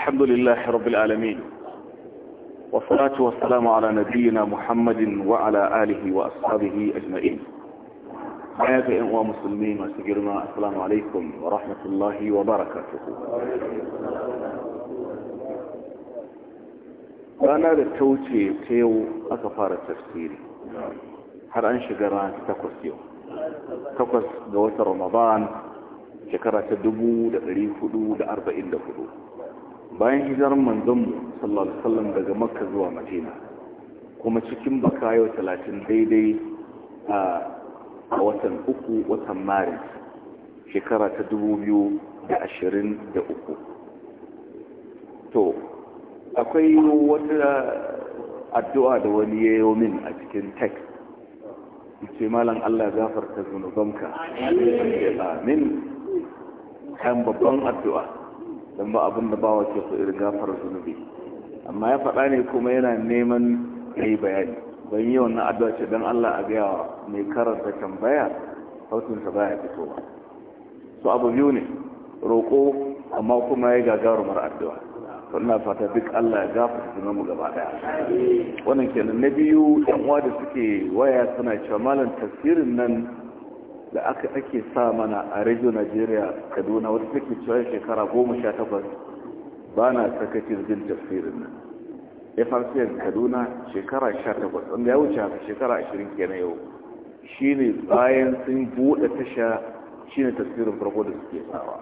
الحمد لله رب العالمين والصلاة والسلام على نبينا محمد وعلى آله وأصحابه أجمعين أيها المسلمين مسلمين وسجرنا السلام عليكم ورحمة الله وبركاته أنا للتوتي كيو أكفار التفسير هل أنش shiga تقص ta تقص دوات رمضان ga watan ramadan shekara ta dubu bayan hijirar manzonmu sallallahu alaihi wasallam daga makka zuwa madina kuma cikin bakayo 30 daidai a watan uku watan maris shekara ta 2023 to akwai wata addu'a da wani ya min a cikin text ce malam Allah ya gafarta zunubanka amin kan babban addu'a don ba abin da bawa ke so irin gafar zunubi amma ya faɗa ne kuma yana neman ya yi bayani ban yi wannan addu'a ce don Allah a gaya mai karanta tambaya ya baya ba su abu biyu ne roƙo amma kuma ya gagarumar addu'a ina fata duk Allah ya gafa su mu gaba daya wannan kenan na biyu yan uwa da suke waya suna cewa malam tafsirin nan da aka ake sa mana a radio nigeria kaduna wata take cewa shekara goma sha takwas ba na sakacin jin tafsirin nan frcn kaduna shekara sha takwas wanda ya wuce haka shekara ashirin kenan yau shine bayan sun buɗe tasha shine tafsirin farko da suke sawa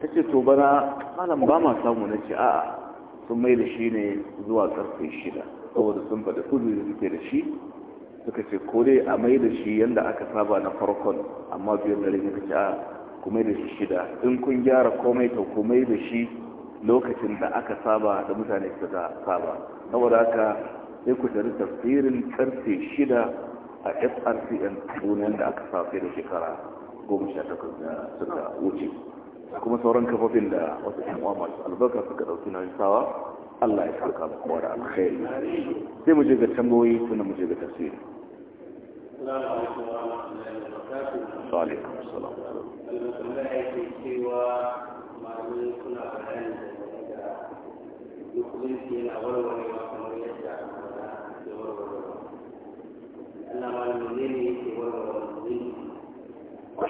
ta ce to bana malam ba ma samu na ce a'a sun mai da shi ne zuwa karfe shida saboda sun faɗi kudu da suke da shi suka ce ko dai a mai da shi yadda aka saba na farkon amma biyar da rai suka ce a kuma da shi shida in kun gyara komai to kuma da shi lokacin da aka saba da mutane suka saba saboda haka sai ku tari tafsirin karfe shida a frcn duniyar da aka safe da shekara goma sha takwas da suka wuce kuma sauran kafofin da wasu yan uwa masu albarka suka ɗauki na sawa Allah ya saka kowa da alkhairi sai mu je ga tambayoyi sannan mu je ga tafsiri a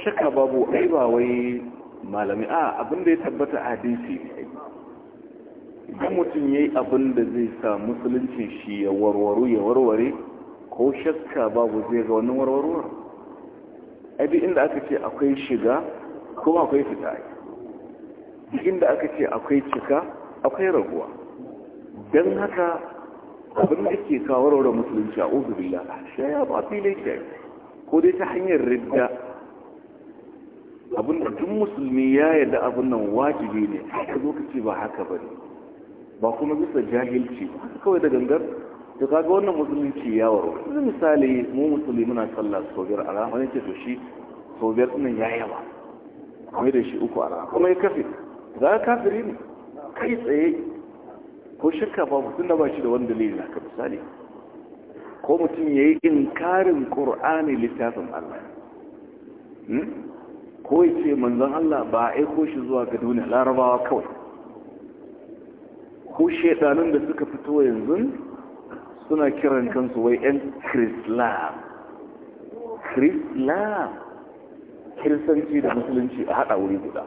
shaka babu aiba wai malami a abinda ya tabbata a dinsi idan mutum ya yi abinda zai sa musulunci shi ya warware ya warware ko shakka babu zai ga wani warwarwar abi inda aka ce akwai shiga kuma akwai fita inda aka ce akwai cika akwai raguwa don haka abin da ke kawarwar musulunci a ubirila shi ya ba filai ke ko dai ta hanyar ridda abin da duk musulmi ya yadda abin nan wajibi ne a lokaci ba haka ba ne ba kuma bisa jahilci ba kawai da gangar to kaga wannan musulunci ya waro yanzu misali mu musulmi muna sallah sau biyar a rana wani ce to shi sau biyar ɗin ya yawa kuma da shi uku a kuma ya kafe za ka kafiri ne kai tsaye ko shirka ba mutum da ba shi da wani dalili na ka misali ko mutum ya yi inkarin ƙur'ani littafin Allah hmm? ko ya ce manzan Allah ba a aiko shi zuwa ga duniya larabawa kawai ko shaidanun da suka fito yanzu suna kiran kansu wai 'yan krislam krislam kiristanci da musulunci a haɗa wuri guda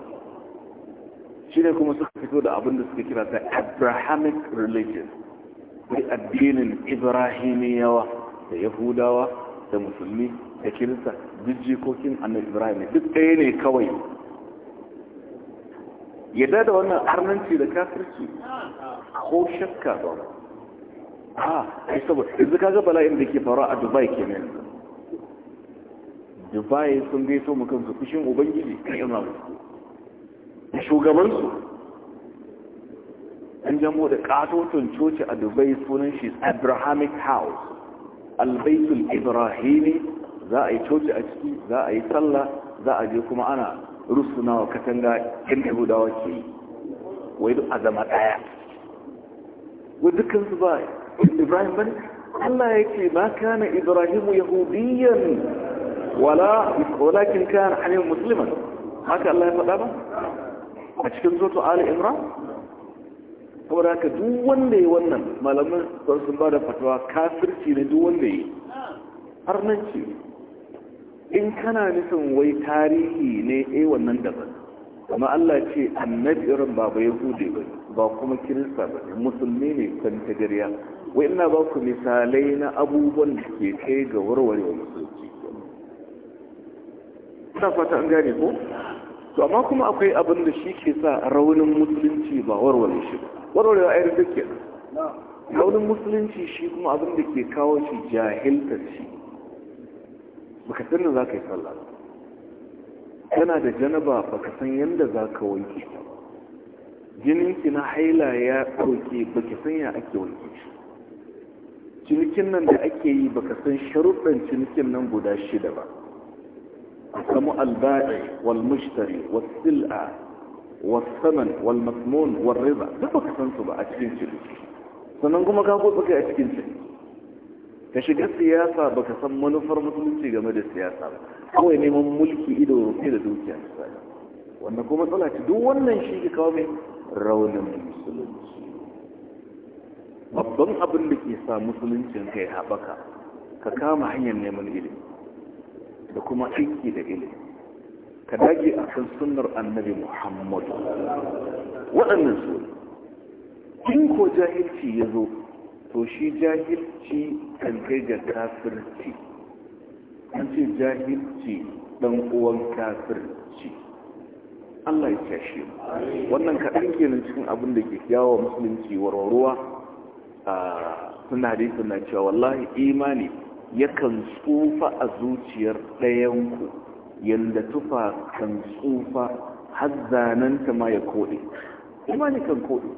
shi ne kuma suka fito da abin da suka kira ta abrahamic religion wai addinin ibrahimiyawa da yahudawa da musulmi da kirista jijjikokin annabi ibrahim duk ɗaya ne kawai yadda da wannan arnanci da kafirci ko shakka ba a ai saboda yanzu kaga bala'in da ke faruwa a dubai ke kenan dubai sun gaito mu kansu fushin ubangiji kan yana musu shugabansu an jamo da katoton coci a dubai sunan shi abrahamic house albaitul ibrahimi za a yi coci a ciki za a yi sallah za a je kuma ana rusuna wa katanga yan yahudawa ke yi wai duk a zama daya wadda kansu ba Ibrahim bane Allah ya yake ma kana Ibrahim yahudiyan wala walakin kana hanif musliman haka Allah ya faɗa ba a cikin zoto Ali Imran saboda haka duk wanda ya wannan malaman sun sun ba da fatawa kafirci ne duk wanda ya har nan ce in kana nufin wai tarihi ne eh wannan daban amma Allah ce annabi irin ba ba yahudi ba ba kuma kirista ba musulmi ne kan tagariya wai ina ba ku misalai na abubuwan da ke kai ga warware wa musulunci ta fata an gane ko to amma kuma akwai abin da shi ke sa raunin musulunci ba warware shi ba warware a ayar duk raunin musulunci shi kuma abin da ke kawo shi jahiltar shi baka san da za ka yi sallah kana da janaba baka san yadda za ka wanke ta jininki na haila ya ɗauke baki sanya ake wanke shi cinikin nan da ake yi baka san sharuɗan cinikin nan guda shida ba samu alba'i wal mushtari was sil'a was saman wal masmun wal riba duk baka san su ba a cikin ciniki sannan kuma ka gotsa kai a cikin ciniki ka shiga siyasa baka san manufar musulunci game da siyasa ba kawai neman mulki ido rufe da dukiya misali Wannan kuma tsala duk wannan shi ke kawo mai raunin musulunci babban abin da ke sa musuluncin kai haɓaka ka kama hanyar neman ilimi da kuma aiki da ilimi ka dage a kan sunar annabi Muhammadu. waɗannan su in ko jahilci ya zo to shi jahilci kan kai ga kafirci an ce jahilci ɗan uwan kafirci Allah ya cashe mu wannan kaɗan kenan cikin abin da ke kyawa musulunci warwaruwa suna dai suna cewa wallahi imani yakan tsufa a zuciyar ɗayanku yadda tufa kan tsufa har zananta ma ya koɗe imani kan koɗe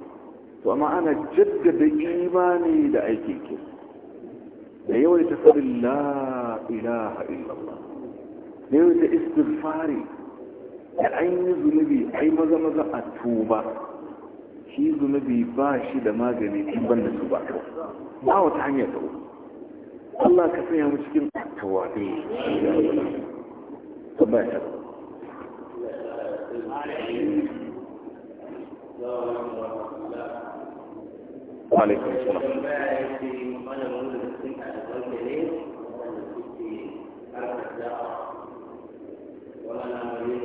to amma ana jaddada imani da aiki ke da yawai ta farin la ilaha illallah da yawai ta istighfari da an yi zunubi ai maza maza a tuba shi zunubi ba shi da magani in ban da su ba ba wata hanyar ta Allah ka sanya mu cikin tawabi tabbata alaikum ta ولا نعلم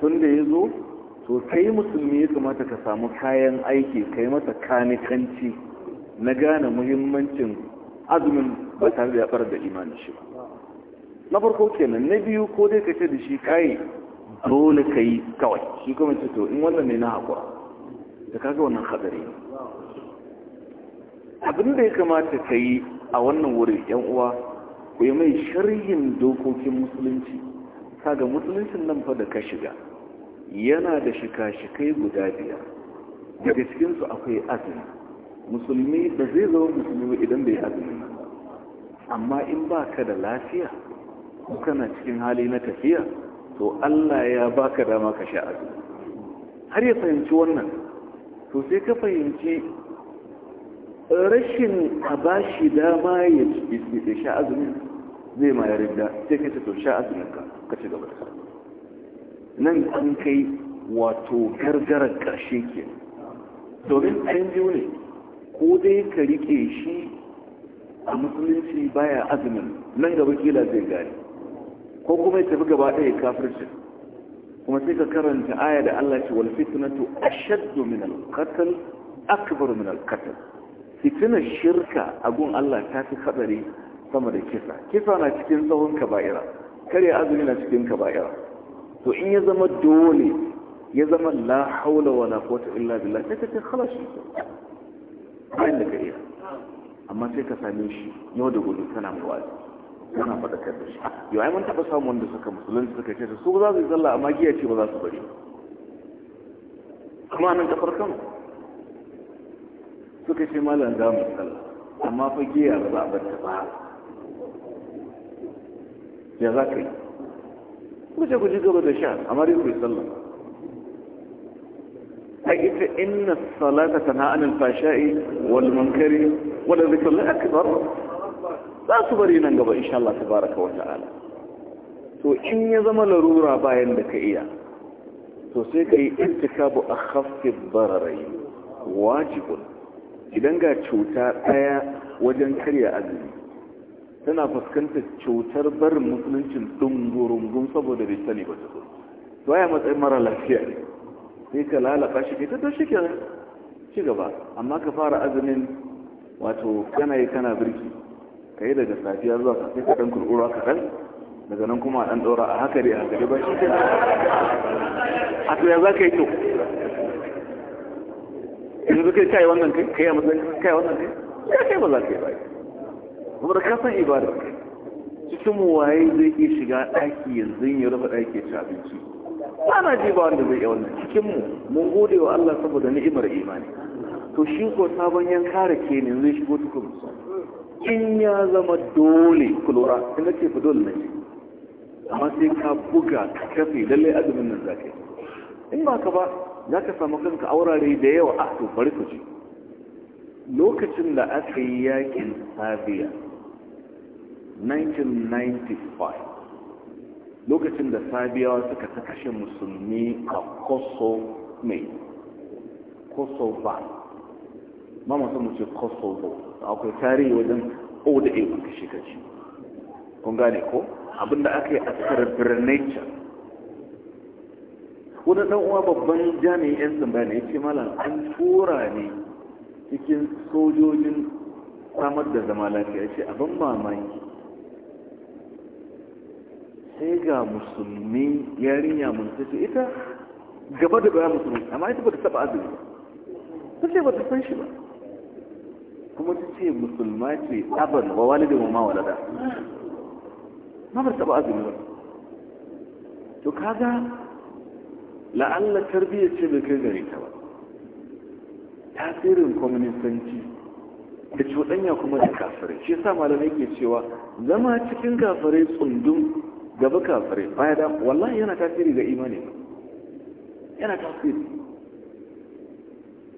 tun da ya zo to kai musulmi ya kamata ka samu kayan aiki kai masa kanikanci na gane muhimmancin azumin ba tare da ya da imanin shi na farko kenan na biyu ko dai ka ce da shi kai dole ka yi kawai shi kuma ce to in wannan ne na haƙura da kaga wannan hadari abin da ya kamata ka yi a wannan wurin yan uwa ku yi mai sharhin dokokin musulunci kaga musuluncin nan fa da ka shiga yana da shika-shikai guda biyar daga cikinsu akwai azumi musulmi da zai zama musulmi idan bai azumi amma in ba ka da lafiya ko kana cikin hali na tafiya to Allah ya baka dama ka sha azumi har ya fahimci wannan to sai ka fahimci rashin a ba shi dama ya sha azumin zai ma ya sai ka ce to sha azumi ka ka ci gaba da nan an kai wato gargarar ƙarshe ke domin ɗayan biyu ne ko dai ka rike shi a musulunci baya azumin nan gaba kila zai gari ko kuma ya tafi gaba ɗaya kafirci kuma sai ka karanta aya da Allah ce wal fitnatu ashaddu min al qatl akbar min al qatl fitna shirka a gun Allah ta fi hadari sama da kisa kisa na cikin tsawon kaba'ira kare azumi na cikin kaba'ira to in ya zama dole ya zama la haula wala quwwata illa billah sai ka ce khalas bayan da ka iya amma sai ka same shi yau da gobe kana muwazi kana fada da shi yau ai mun taba samu wanda suka musulunci suka ce su za su yi sallah amma giya ce ba za su bari kuma nan ta farkon suka ce malam da mu sallah amma fa giya ba za a bar ta ba ya za ka yi ku je ku ji gaba da sha amma dai ku yi sallah ai ita inna salata tana anil fashai wal munkari wal zikrullahi akbar za su bari nan gaba insha Allah tabaraka wa ta'ala to in ya zama larura bayan da ka iya to sai ka yi irtikabu a hafi bararai wajibun idan ga cuta ɗaya wajen karya azumi tana fuskantar cutar barin musuluncin dungurungun saboda bai sani ba ta to ya matsayin mara lafiya sai ka lalata shi ke ta to ke ci gaba amma ka fara azumin wato kana yi kana birki ka yi daga safiya zuwa ka sai ka dan kurkura kaɗan daga nan kuma dan ɗora a haka dai a haka dai ba shi ke a to ya za ka yi to yanzu kai kai wannan kai kai a matsayin kai wannan kai ya kai ba za ka yi ba kuma kasan ibada cikin waye zai iya shiga daki yanzu ya rufe ɗaki ya abinci ana ji ba wanda zai yi wannan cikin mu mun gode wa Allah saboda ni'imar imani to shi ko sabon yan kare ke ne zai shigo tukun in ya zama dole kulura in ce fa dole na amma sai ka buga kafi kafe lallai azumin nan yi. in ba ka ba za ka samu kanka aurare da yawa a ah, to bari ku ji lokacin da aka yi yakin sabiya 1995 lokacin da sabiya suka ta kashe musulmi a kosovo kosovo ba masu mace kosovo akwai tarihi wajen o da E kuka shekaci kun gane ko abinda aka yi a sarbirnature wani ɗan'uwa babban jami'in 'yan sanda ne ya ce an tura ne cikin sojojin samar da zama lafiya ce abin mamaki sai ga musulmi yarinya mun tafi ita gaba da bayan musulmi amma ita ba ta taba azumi ba ta ce ba ta san shi ba kuma ta ce musulma ce ba wa da wa mawalada ma ba ta taba azumi ba to kaga la'alla tarbiyyar ce bai kai gare ta ba tasirin kwaminisanci da cuɗanya kuma da kafirai shi sa malamai ke cewa zama cikin kafirai tsundun gaba kafare baya da wallahi yana tasiri ga imani yana tasiri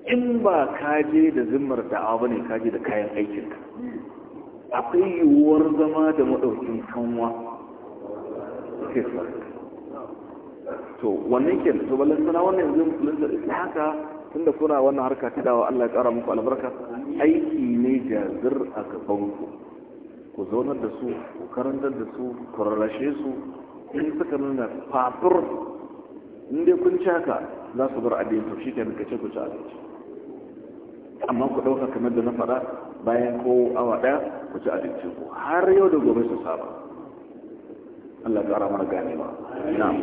in ba kaje da zimmar ne bane kaje da kayan aikin ka akwai yiwuwar zama da maɗaukin kanwa sai to wannan ke to ballan sana wannan yanzu musulunta haka tunda kuna wannan harka ta dawa Allah ya ƙara muku albarka aiki ne jazir a gabanku ku zaunar da su ku karantar da su ku rarrashe su in suka nuna fafur in dai kun ci haka za su bar abin to shi kenan kace ku ci abinci amma ku ɗauka kamar da na faɗa bayan ko awa ɗaya ku ci abinci ku har yau da gobe su saba Allah ya ƙara mana ganewa na'am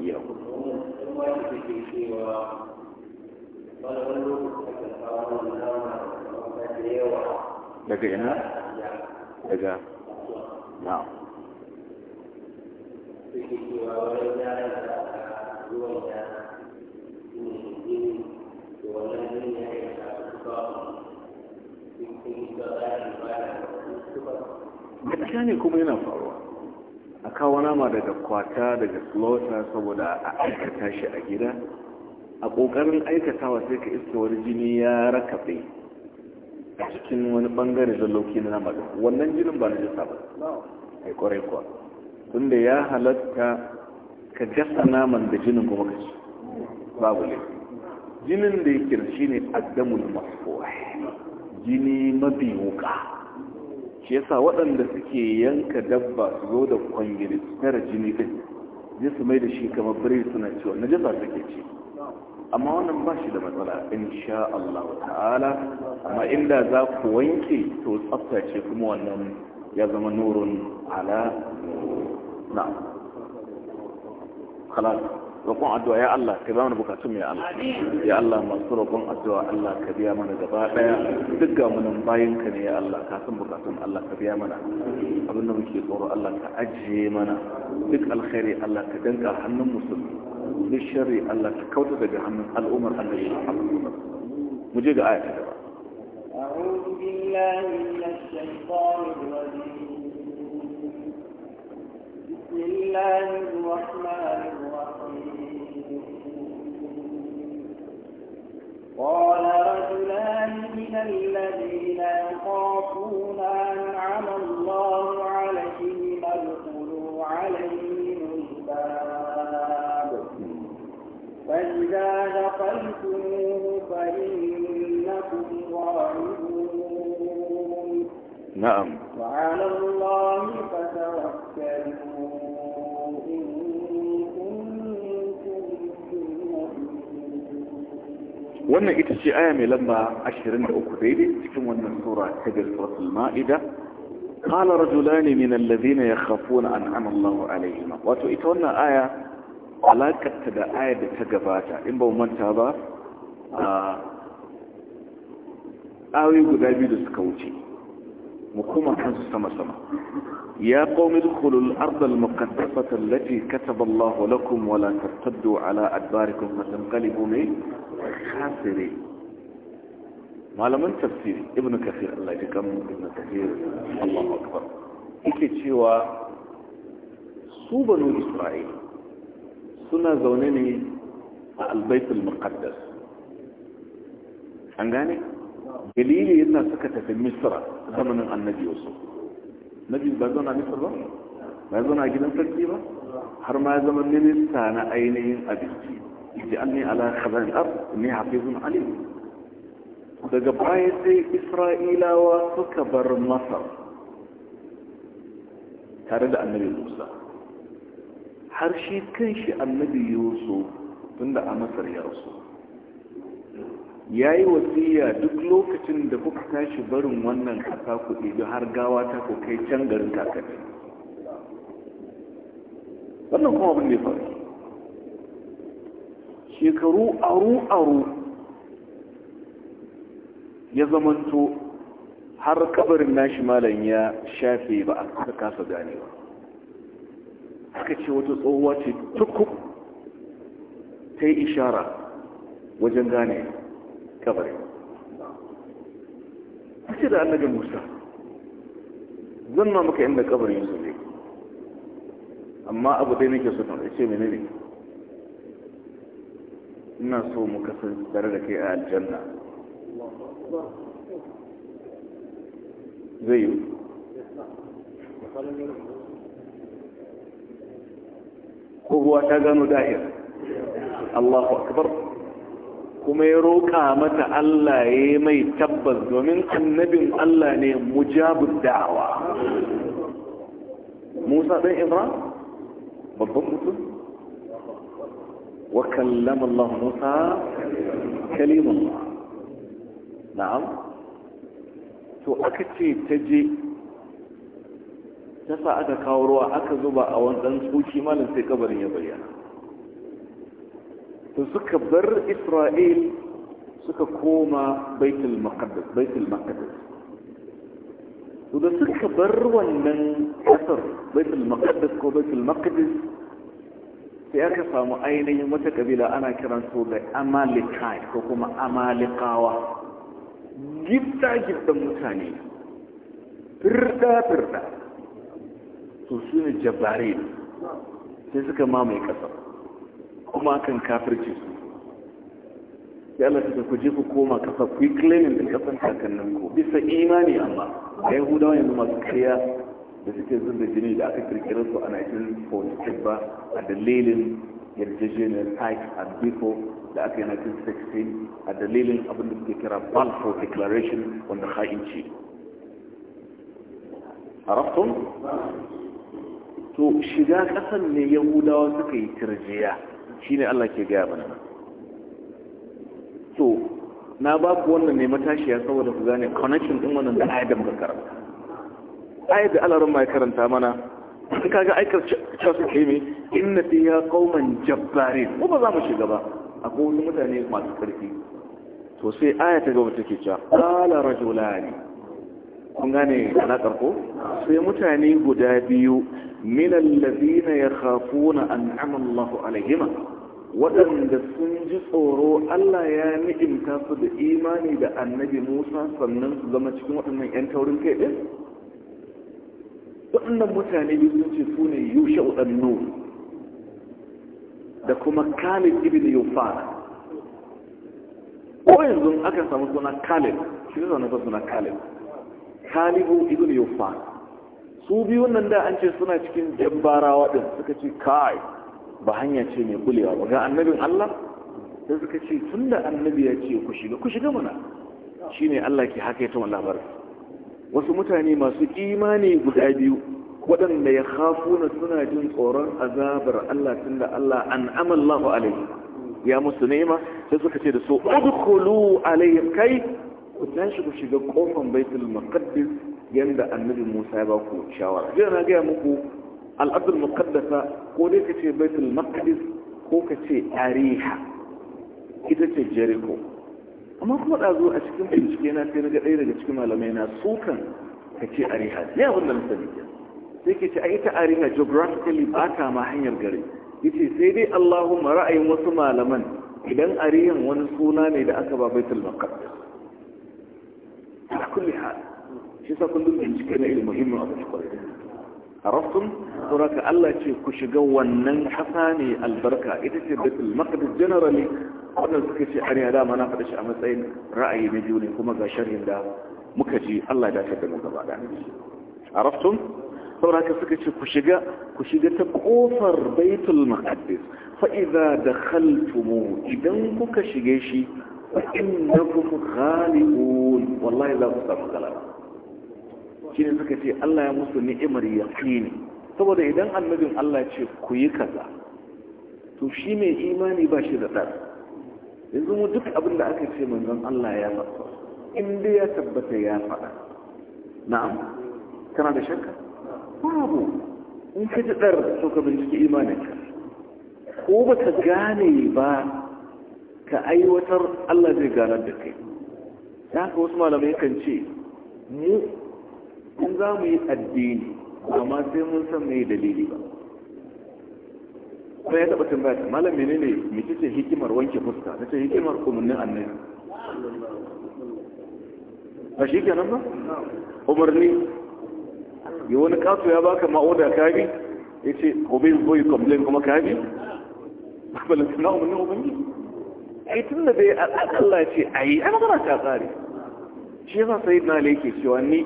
ya ku wani daga ina daga na gaskiya ne kuma yana faruwa a kawo nama daga kwata daga slaughter saboda a aikata shi a gida a ƙoƙarin aikatawa sai ka iska wani jini ya rakaɓe a cikin wani bangare zalloki na namaka wannan jinin ba na jasa ba yi kwarai kuwa tunda ya halatta ka gasa naman da jinin kuma ka ci babu ne jinin da ya da shi ne addamul Masuwa, jini mafi wuka shi yasa waɗanda suke yanka dabba su zo da kwangiri su tara jini ɗin jisa mai da shi kamar biri suna ciwon na jasa suke ci amma wannan ba shi da matsala in sha Allah ta'ala amma inda za ku wanke to ce, kuma wannan ya zama nurun ala na khalas roƙon addu'a ya Allah ka ba mana bukatun ya Allah ya Allah masu roƙon addu'a Allah ka biya mana gaba daya duk ga mu bayin ka ne ya Allah ka san bukatun Allah ka biya mana abin da muke tsoro Allah ka ajiye mana duk alkhairi Allah ka danka hannun musulmi للشر الله كوتا دغ حنن الامر الذي مجيد ايه اعوذ بالله من الشيطان الرجيم بسم الله الرحمن الرحيم قال رجلان من الذين يخافون انعم الله عليهم ادخلوا عليهم فإنكم ظالمون نعم وعلى الله فتوكلوا إن كنتم wannan ita ce aya mai lamba 23 daidai cikin wannan sura ta suratul ma'ida قال رجلان من الذين يخافون أنعم الله عليهما واتو ita wannan aya alakarta da ayar da ta gabata in ba manta ba a ayoyi guda biyu da suka wuce mu kuma kansu sama-sama ya qaumi dukhulul arda al-muqaddasata allati kataba Allahu lakum wa la tartaddu ala adbarikum wa tanqalibu min khasiri malaman tafsiri ibn kathir Allah ya kan ibn kathir Allahu akbar yake cewa su banu isra'il suna zaune ne a albaitul muqaddas an gane dalili yasa suka tafi misra zamanin annabi yusuf nabi ba zauna misra ba ba zauna gidan sarki ba har ma zama minista na ainihin abinci ij'alni ala khazan al-ard inni hafizun alim daga baya sai isra'ilawa suka bar masar tare da annabi musa har shi kan shi annabi yusuf tunda a masar ya rasu ya yi wasiya duk lokacin da kuka tashi barin wannan kasa kuɗi da har gawa ta ku kai can garin kakanni wannan kuma abin da ya faru shekaru aru-aru ya zamanto har kabarin nashi malam ya shafe ba a kasa kasa ganewa aka ce wata tsohuwa ce tukuk ta yi ishara wajen gane كبري أكيد أن نجل موسى ظن أمك عند كبري يصلي أما أبو ديني جسد إيشي من نبي إنا سو مكسر دردك آل جنة زيو هو أشاغان داهر الله أكبر kuma ya roƙa mata Allah ya yi mai tabbas domin annabin Allah ne mujabud da'awa Musa ɗan Ibrahim babban mutum wa kallama Musa kalimullah na'am to aka ce ta je ta sa aka kawo ruwa aka zuba a wani ɗan tsoki malin sai kabarin ya bayyana to suka bar isra'il suka koma baitul maqdis baitul to da suka bar wannan kasar baitul maqdis ko baitul maqdis sai aka samu ainihin wata kabila ana kiran su da amalekai ko kuma amalikawa gifta giftan mutane firda firda to su ne jabari sai suka mamaye kasar kuma kan kafirci su Ya Allah ta ku je ku koma kasa ku yi claiming din kasan kakannin ku bisa imani amma a yahudawa yanzu masu kariya da suke zun da jini da aka kirkira su a 1946 ba a dalilin yarjejeniyar type and biko da aka yi 1916 a dalilin abin da suke kira balfour declaration wanda ha'inci arabtun to shiga kasan ne yahudawa suka yi tirjiya shi ne Allah ke gaya mana to na ba ku wannan ne matashiya saboda ku gane connection din wannan da ayat da muka karanta ayat da Allah ya karanta mana in kaga aikar charles kemi ke me ya fiha jabbare ko ba za mu shiga ba akwai wani mutane masu karfi to sai aya ta gaba take cewa qala rajulani kun gane alaƙar ko sai mutane guda biyu minan lazina ya kafuna an amallahu alaihima waɗanda sun ji tsoro Allah ya ni'imta su da imani da annabi Musa sannan su zama cikin waɗannan 'yan taurin kai ɗin waɗannan mutane biyu sun ce su ne yushe waɗannu da kuma kalin ibn yufana ko yanzu aka samu suna kalin shi ne zaune suna kalin kalibu ibn yufan su bi nan da an ce suna cikin jambarawa din suka ce kai ba hanya ce mai kulewa ba ga annabin Allah sai suka ce tunda annabi ya ce ku shiga ku shiga mana shine Allah ke haka ya tuma labarin wasu mutane masu imani guda biyu waɗanda ya na suna jin tsoron azabar Allah tunda Allah an amallahu alaihi ya musu nema sai suka ce da su udkhulu alaihi kai ku tashi ku shiga kofan baitul maqaddis yanda annabi Musa ya ba ku shawara jiya na gaya muku al-ardul muqaddasa ko dai ka ce baitul maqdis ko ka ce ariha ita ce jericho amma kuma da zo a cikin bincike na sai naga ɗaya daga cikin malamai na sukan ka ce ariha ne abin da ke sai ke ce a ita ariha geographically ba ta ma hanyar gari yace sai dai Allahumma ra'ayin wasu malaman idan ariyan wani suna ne da aka ba baitul maqdis على كل حال شو سأكون دول بنشكنا إلى مهم أبو شكرا عرفتم Allah ce ku shiga wannan حساني Albarka ita ce da المقدس جنرالي wannan suka ce an yada mana faɗa shi a matsayin ra'ayi na biyu ne kuma ga sharhin da muka ji Allah ya tafi da mu da a raftun suka ce ku shiga ku shiga ta kofar baitul maqdis fa idza dakhaltum idan kuka shige shi فإنكم خالقون والله لا أستطيع غلبة shine suka ce Allah ya musu ni'imar yaqini saboda idan annabin Allah ce ku yi kaza to shi mai imani ba shi da dar yanzu mu duk abin da aka ce manzon Allah ya faɗa in dai ya tabbata ya faɗa na'am kana da shakka babu in ka ji dar to ka binciki imaninka ko ba ta gane ba ka aiwatar Allah zai ganar da kai Ya ka wasu malamai kan ce mu in za mu yi addini amma sai mun san mai dalili ba kuma ya taɓa tambaya ta ne ne mace ce hikimar wanke fuska na ce hikimar umarnin annabi ba shi kenan ba umarni ya wani kato ya baka ma'oda ka bi ya ce obin boy complain kuma ka bi ba lantar na umarnin ubangiji ai tun da dai Allah ce ai ai magana ta tsari shi yasa sai na leke cewa ni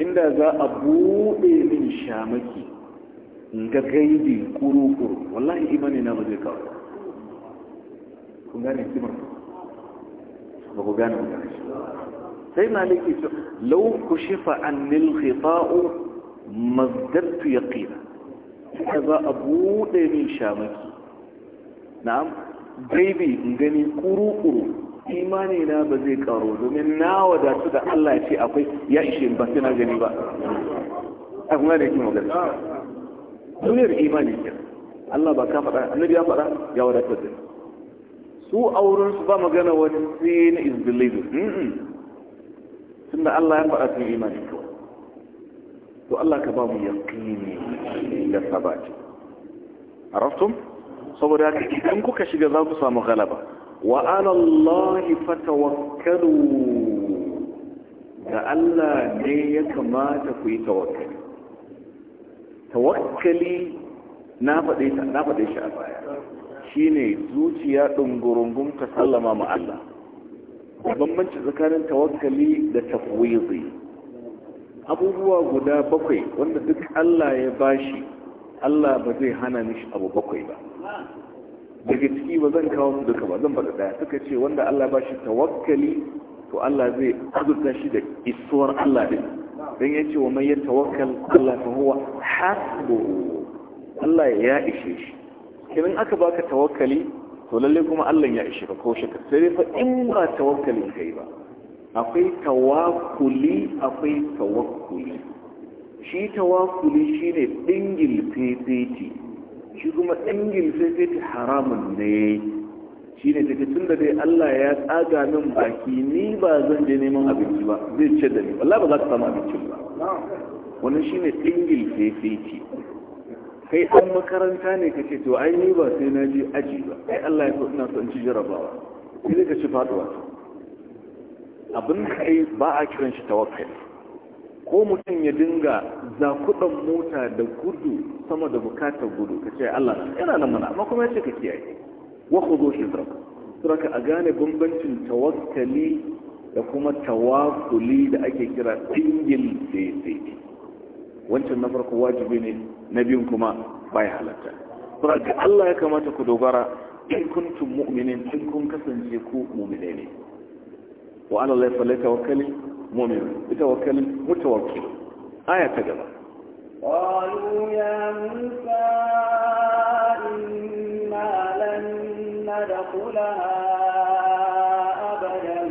inda za a buɗe min shamaki in ga gaibi kurukuru kuru wallahi imani na bazai kawo kun kimar ba ku gane mutane shi sai na leke cewa lau ku shifa annil khita'u mazdartu yaqina inda za a buɗe min shamaki na'am gaibi gani kuru-kuru imani na ba zai karo domin na wadatu da Allah ya ce akwai ya ishe ba su na gani ba a kuma da yake magana duniyar imani ke Allah ba ka faɗa annabi ya faɗa ya wadatu da su auren su ba magana wani sai na is believe tunda Allah ya faɗa su imani kawai to Allah ka ba mu yaqini da sabati arastum saboda haka idan kuka shiga za ku samu galaba wa ala fatawakkalu ga Allah ne ya kamata ku yi tawakkali tawakkali na faɗe ta na faɗe shi a baya shine zuciya dungurungun ta sallama ma Allah bambanci tsakanin tawakkali da tafwizi abubuwa guda bakwai wanda duk Allah ya bashi Allah ba zai hana mishi abu bakwai ba daga ciki ba zan kawo su duka ba zan bada daya suka ce wanda Allah ba shi tawakkali to Allah zai azurta shi da isuwar Allah din dan ya ce wa man yatawakkal Allah fa huwa hasbu Allah ya ishe shi kidan aka baka tawakkali to lalle kuma Allah ya ishe ka ko shaka sai fa in ba tawakkalin kai ba akwai tawakkuli akwai tawakkuli shi tawakkuli shine dingil fefeti shi kuma ɗan sai sai ta haramun ne shi ne take tun da dai Allah ya tsaga min baki ni ba zan je neman abinci ba zai ce da ni wallahi ba za ka samu abinci ba wannan shi ne ingil sai ce kai an makaranta ne kake to ai ni ba sai na je aji ba ai Allah ya so ina so in ci jarabawa sai ka ci faduwa abin da kai ba a kiran shi tawakkali ko mutum ya dinga zakudan mota da gudu sama da bukatar gudu ka ce Allah yana nan mana amma kuma ya ka kiyaye wa khudu hizrak suraka a gane bambancin tawakkali da kuma tawakuli da ake kira tingil daidai wancan na farko wajibi ne na biyun kuma bai halatta suraka Allah ya kamata ku dogara in kuntum mu'minin in kun kasance ku mu'mine wa ala laifin laifin wakali مؤمن يتوكل متوكل آية تجربة قالوا يا موسى إنا لن ندخلها أبدا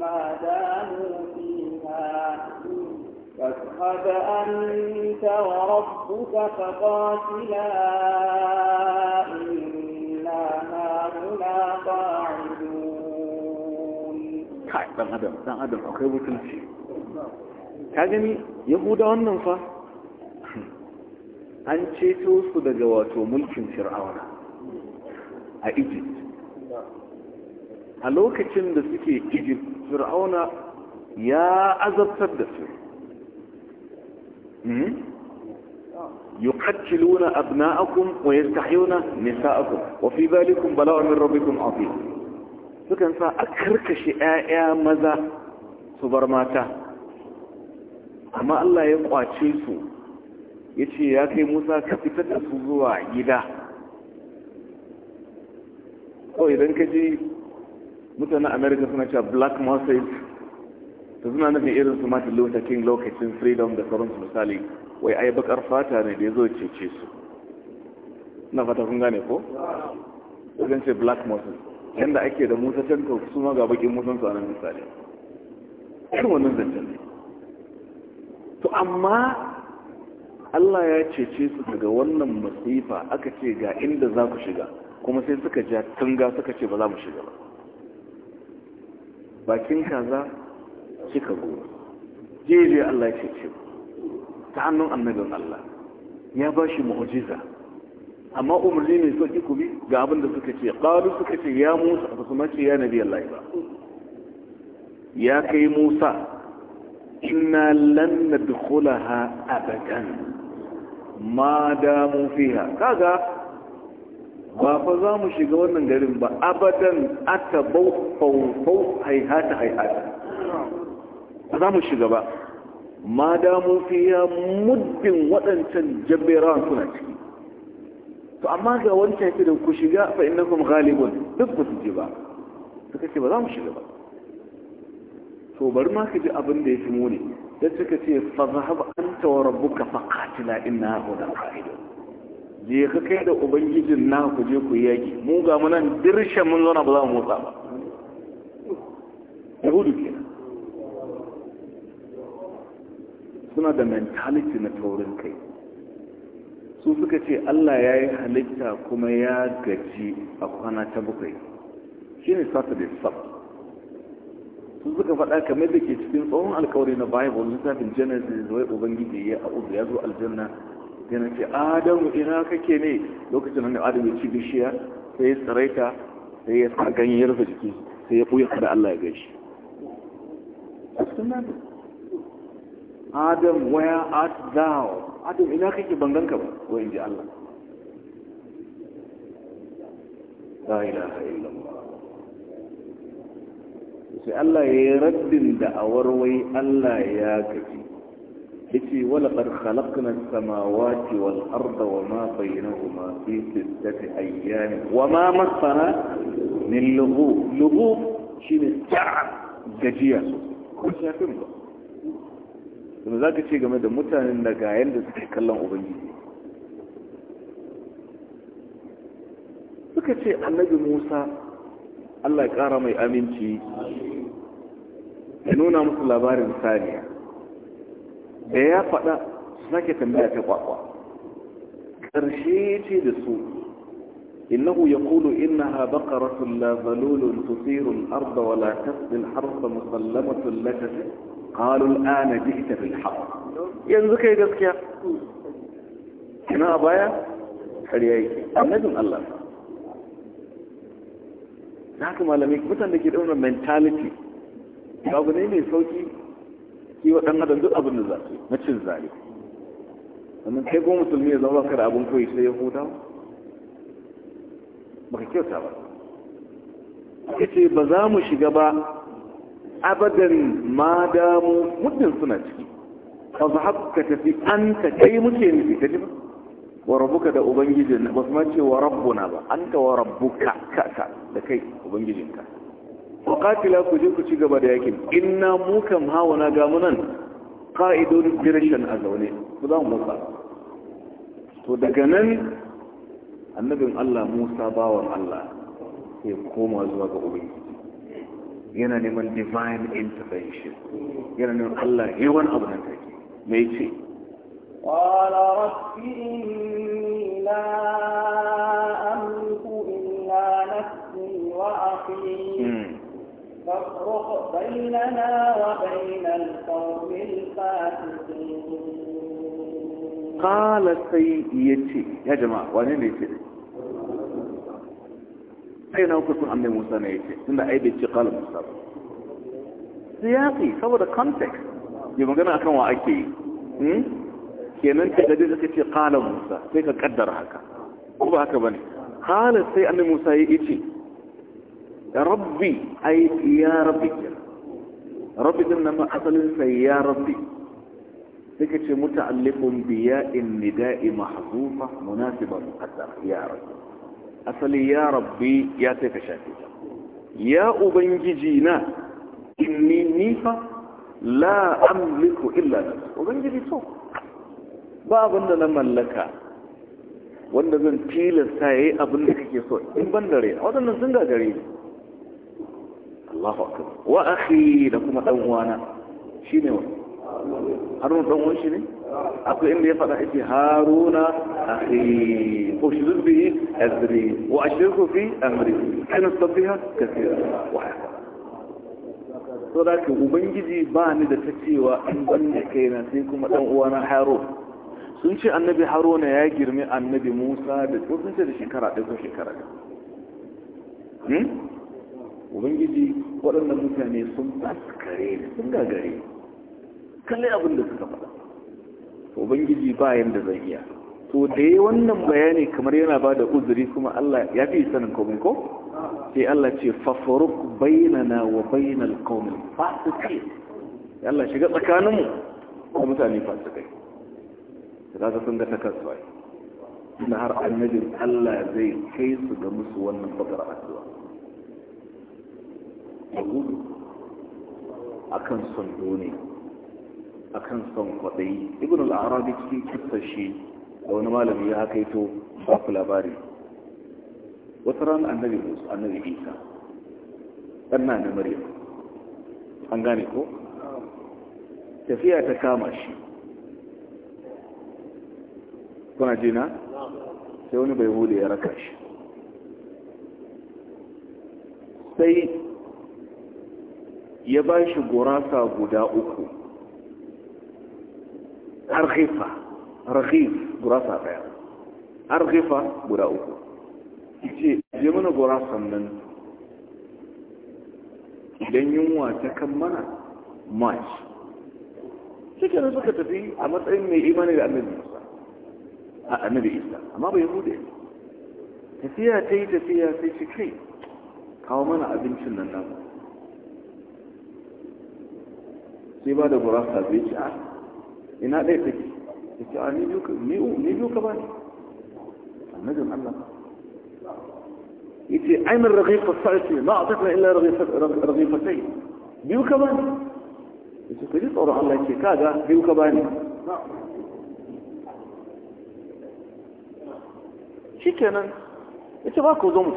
ما داموا فيها فاذهب أنت وربك فقاتلا إنا هاهنا قاعدون kai dan adam dan adam akwai mutunci ka gani yahuda wannan fa an ceto su daga wato mulkin fir'auna a egypt a lokacin da suke egypt fir'auna ya azabtar da su يقتلون أبناءكم ويستحيون نساءكم وفي ذلكم بلاء من ربكم عظيم sukan sa a karkashe 'ya'ya maza su bar mata amma Allah ya kwace su ya ce ya kai musa ka fitar da su zuwa gida ko idan ka ji mutanen america suna cewa black message ta suna nufin irin su martin luther king lokacin freedom da sauransu misali wai ai bakar fata ne da ya zo cece su na fata kun gane ko? wajen ce black message yanda ake da musa can ka su ma ga bakin musan su anan misali irin wannan zancen ne to amma Allah ya cece su daga wannan masifa aka ce ga inda za ku shiga kuma sai suka ja tunga suka ce ba za mu shiga ba bakin kaza kika goma jeje Allah ya cece ta hannun annabin Allah ya ba shi mu'ujiza amma umarni mai sauki ku bi ga abin da suka ce qalu suka ce ya Musa ba su mace ya nabi Allah ba ya kai Musa inna lan nadkhulaha abadan ma damu fiha kaga ba fa za mu shiga wannan garin ba abadan atabau fawfau haihata haihata ba za mu shiga ba ma damu fiya muddin waɗancan jaberan suna ciki to amma ga wani tafi da ku shiga fa innakum ghalibun duk ku je ba suka ce ba za mu shiga ba to bari ma ka ji abin da ya fi muni da suka ce fa zahab anta wa rabbuka fa qatila inna huna qa'idun je ka kai da ubangijin na ku je ku yaki mu ga mu nan dirshen mun zauna ba za mu motsa ba yahudu kenan suna da mentality na taurin kai su suka ce allah ya yi halitta kuma ya gaji a kwana ta bukai. shi ne saturday sabt su suka faɗa kamar da ke cikin tsohon alkawari na bible littafin genesis wai ubangiji ya a'udu ya zo aljanna yana ce adamu ina kake ne lokacin da adamu ya ci bishiya sai ya tsaraita sai ya sa ganye ya rufe jiki sai ya ɓuya kada allah ya gaji. adam where art thou adam ina kake bangan ka ba ko in ji Allah la ilaha illallah sai Allah ya yi raddin da a warwai Allah ya gaji yace wala qad khalaqna as-samawati wal arda wama bainahuma fi sittati ayyam wama masana min lughub lughub shine ta'a gajiya ko shafin ba kuma za ka ce game da mutanen da yadda suke kallon ubangiji suka ce annabi musa allah ya kara mai aminci ya nuna musu labarin saniya da ya faɗa sake tambaya ta kwakwa ƙarshe ce da su innahu ya kulu innaha baqaratun la zalulun tusirun arda wala tasbil harsa musallamatun lakasin qalu al'ana jita bil haqq yanzu kai gaskiya kina a baya kariya yake annabin Allah haka malamai mutane ke dauna mentality babu ne mai sauki ki wa ɗan adam duk abin da za su na cin zari. amma kai ko musulmi ya zama baka da abin koyi sai ya huta baka kyauta ba ce ba za mu shiga ba abadan ma damu mutum suna ciki ba su haka tafi an ta kai muke ni ta ba wa rabbuka da ubangijin ba su mace wa rabbuna ba an ta wa rabbuka ka da kai ubangijinka wa katila ku je ku ci gaba da yakin inna mu kam hawana ga nan qa'idun direction a zaune ku za mu motsa to daga nan annabin Allah Musa bawan Allah sai koma zuwa ga ubangiji yana neman divine intervention yana neman Allah yi abu na take mai ce wala rafi na amurku illa na su wa afi hmm. bainana wa bainal kawil fasiki kala sai ya ce ya jama'a wani ne ce sai na hukuncin amma musa ne yake inda ai bai ce qala musa ba siyasi saboda context ne magana akan wa ake yi hmm? kenan ka gaji da kace qala musa sai ka kaddara haka ko ba haka ba ne, qala sai amma musa ya ce ya rabbi ai ya rabbi rabbi din nan asalin sai ya rabbi sai ka ce muta'alliqun bi ya'in nida'i mahzufa munasiban qadar ya rabbi asali ya rabbi ya taifa shafi. ya ubangiji na inni nifa la amliku illa na ubangiji to ba abinda na mallaka wanda zan tilasta ya yi abin kake so in ban da rai waɗannan sun gagare ne Allahu akbar wa akhi da kuma dan uwana shine wani har mun dan uwan shi ne akwai inda ya faɗa ake haruna a fi ƙushirin bihi azri wa a shi ashirku fi amri kan sabbiha kasira wa haka so da ke ubangiji ba ni da ta cewa in ban da kaina sai kuma dan uwana haro sun ce annabi haruna ya girme annabi musa da sun ce da shekara ɗaya ko shekara ɗaya hmm? ubangiji waɗannan mutane sun taskare ne sun gagare Kalli abin da suka faɗa ubangiji ba yadda zai iya to dai wannan bayani kamar yana ba da uzuri kuma Allah ya fi sanin komai ko sai Allah ce fafaruk bainana wa bainal qawmi fasiqin Allah shiga tsakaninmu da mutane fasikai da za sun ga takaswa ina har annabin Allah zai kai su ga musu wannan bakar addu'a a gudu akan sando ne akan son kwaɗayi ibn al'arabi cikin kistar shi da wani malami ya kaito ba ku labari wata ran annabi musu annabi isa ɗan na na maryam an gane ko tafiya ta kama shi kuna jina sai wani bai hude ya raka shi sai ya ba shi gurasa guda uku arghifa raghif gurasa daya arghifa guda uku ce je mana gurasan nan idan yunwa ta kan mana march suke da suka tafi a matsayin mai imani da annabi isa a annabi isa amma bai hude tafiya ta yi tafiya sai shi kai kawo mana abincin nan nan sai ba da gurasa bai ci a ah, إنها هذا ليس استعانة نيو نيو كمان النجم علم إذا عين الرغيف الثالثي ما أعطتنا إلا رغيف رغيفتين نيو كمان إذا قلت أروح الله شيء كذا نيو كمان شيء كمان إذا ما كوزمت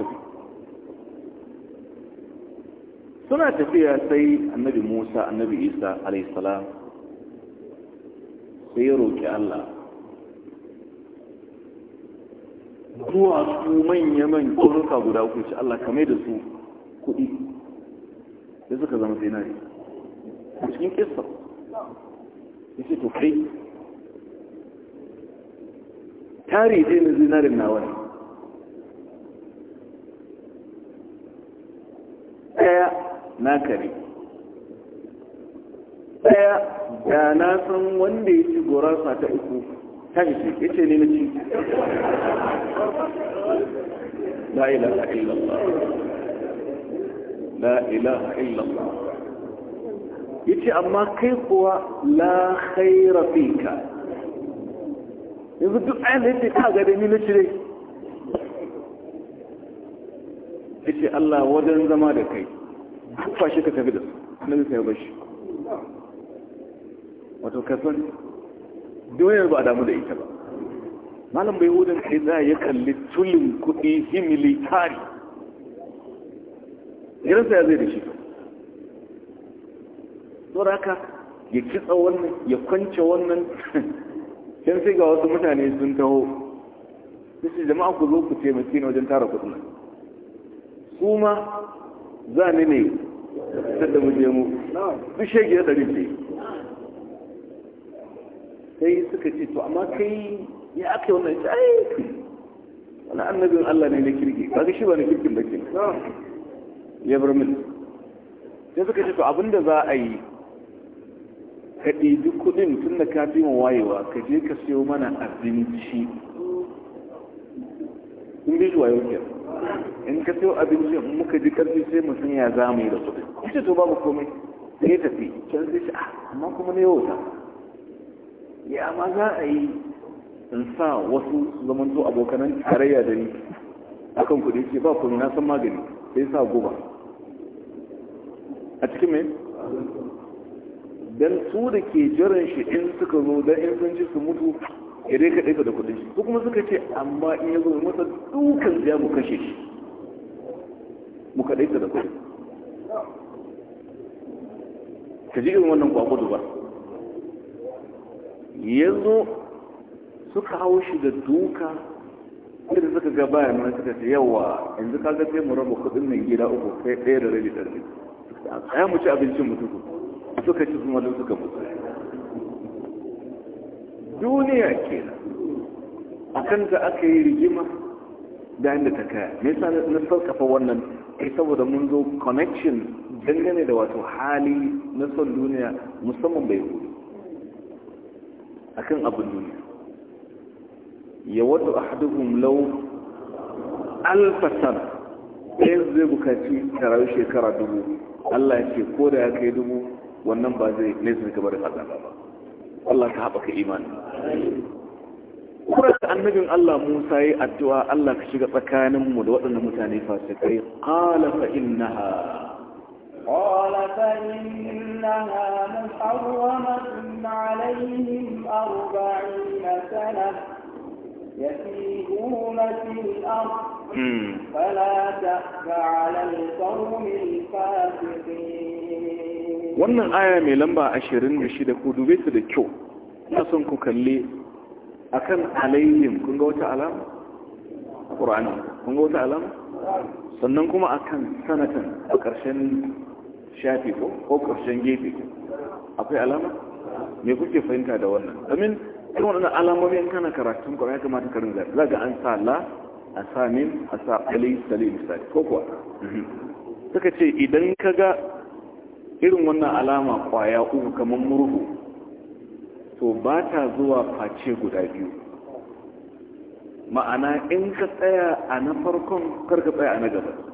سمعت فيها سيد النبي موسى النبي عيسى عليه السلام sai ya roƙi Allah zuwa su manya-man ƙoruka guda uku shi Allah kame da su kuɗi da suka zama zinari a cikin ƙisar ya ce to kai tari ɗaya na zinarin na wani ɗaya na kare ɗaya da na san wanda ya ci gorarsa ta uku ta ya ce ne na ci la ilaha illallah la ilaha illallah ya ce amma kai kuwa la khaira fika yanzu duk ayan ya ce ka gada ni na cire ya ce Allah wajen zama da kai duk fashe ka tafi da su na bisa ya bashi wato kasar doyar ba a damu da ita ba malam bai wudan kai za ya kalli tulin kudi himili tari gidansa ya zai da shi saboda haka ya kitsa wannan ya kwance wannan can sai ga wasu mutane sun taho su jama'a ku zo ku taimaki na wajen tara kudin su ma za ne ne sadda mu je mu duk shege ya ɗari ce sai suka ce to amma kai ya aka yi wannan ai wani annabin Allah ne na kirki ba shi ba na kirkin bakin ya bar min sai suka ce to abinda za a yi ka ɗebi kuɗin tun da ka fi mu wayewa ka je ka siyo mana abinci in bi zuwa yau in ka siyo abinci muka ji ƙarfi sai mu san ya za mu yi da kuɗin ita to babu komai sai ya tafi can sai shi ah, amma kuma ne yau ta ya ma za a yi in sa wasu zaman zo abokanan tarayya da ni akan kuɗi ce ba kuma na san magani sai sa goma a cikin mai dan su da ke jiran shi in suka zo dan in sun ci su mutu ya dai kaɗai ka da kuɗin shi ko kuma suka ce amma in ya zo masa dukan ya mu kashe shi mu kaɗai ka da kuɗin ka ji irin wannan kwakwato ba ya zo suka hau shi da duka da suka ga bayan wani suka ce yawa yanzu ka ga sai mu raba kuɗin nan gida uku sai ɗaya da rabi ɗarfi a tsaya mu ci abincin mu tuku suka ci kuma don suka mutu duniya kenan a kan da aka yi rigima da inda ta kaya me yasa na sarkafa wannan ai eh, saboda mun zo connection dangane da wato hali na son duniya musamman bai hudu akan abin duniya ya wadda ahaduhum law alfasar ɗayan zai bukaci tarayi shekara dubu Allah ya ce ko da ya kai dubu wannan ba zai nesa gaba da azaba ba Allah ka haɓaka imani kurar annabin Allah Musa yi addu'a Allah ka shiga tsakaninmu da waɗannan mutane fasikai qala fa innaha قال فإنها محرمة عليهم أربعين سنة يسيرون في الأرض فلا تأس على القوم الفاسقين wannan aya mai lamba ashirin da shida ku dube su da kyau ina son ku kalli akan alayyin kun ga wata alama a ƙura'ani kun ga wata alama sannan kuma akan sanatan a ƙarshen shafi ko ko ƙarshen gefe akwai alama me kuke fahimta da wannan domin irin wannan alamomi in kana karatun ya kamata karin zai za ga an sa la a sa min a sa ali sali misali ko kuwa suka ce idan ka ga irin wannan alama ƙwaya uku kamar murhu to ba ta zuwa face guda biyu ma'ana in ka tsaya a na farkon karka tsaya a na gaba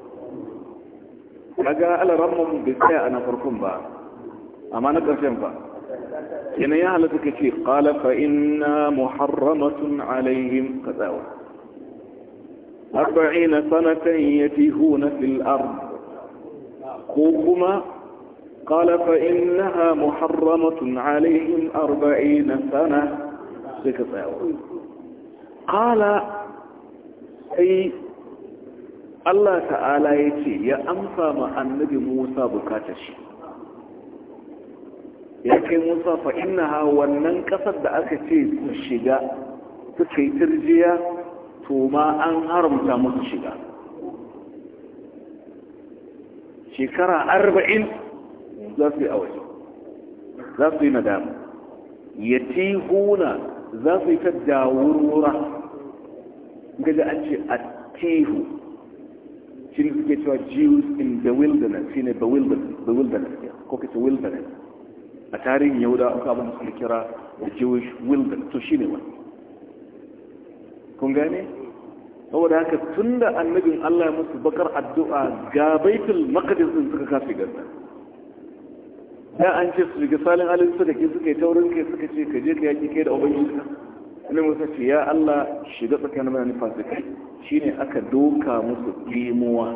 kaga alaran mu bai tsaya a na farkon ba amma na ƙarshen ba yana ya halatta ka ce ƙala fa inna muharramatun alaihim katsawa arba'ina sanatan yatihuna fil ard ko kuma ƙala fa innaha muharramatun alaihim na sana sai ka tsayawa ƙala sai Allah ta'ala ya ce ya amsa ma annabi Musa bukatar shi ya kai Musa fa innaha wannan ƙasar da aka ce su shiga suka yi turjiya to ma an haramta musu shiga shekara arba'in za su yi a waje za su yi nadama ya tihuna za su yi ta dawurwura gaji an ce a tihu shi ne suke cewa jews in the wilderness shi ne the wilderness ko ce wilderness a tarihin yahuda aka abin da suka kira the jewish wilderness to shi ne wani kun gane saboda haka tun da annabin allah ya musu bakar addu'a ga baitul maqdis din suka kafi gaza da an ce su ga salin alisu da ke suka yi taurin kai suka ce ka je ka yaki kai da ubangiji ne musa ce ya Allah shiga tsakanin mana shi shine aka doka musu limuwa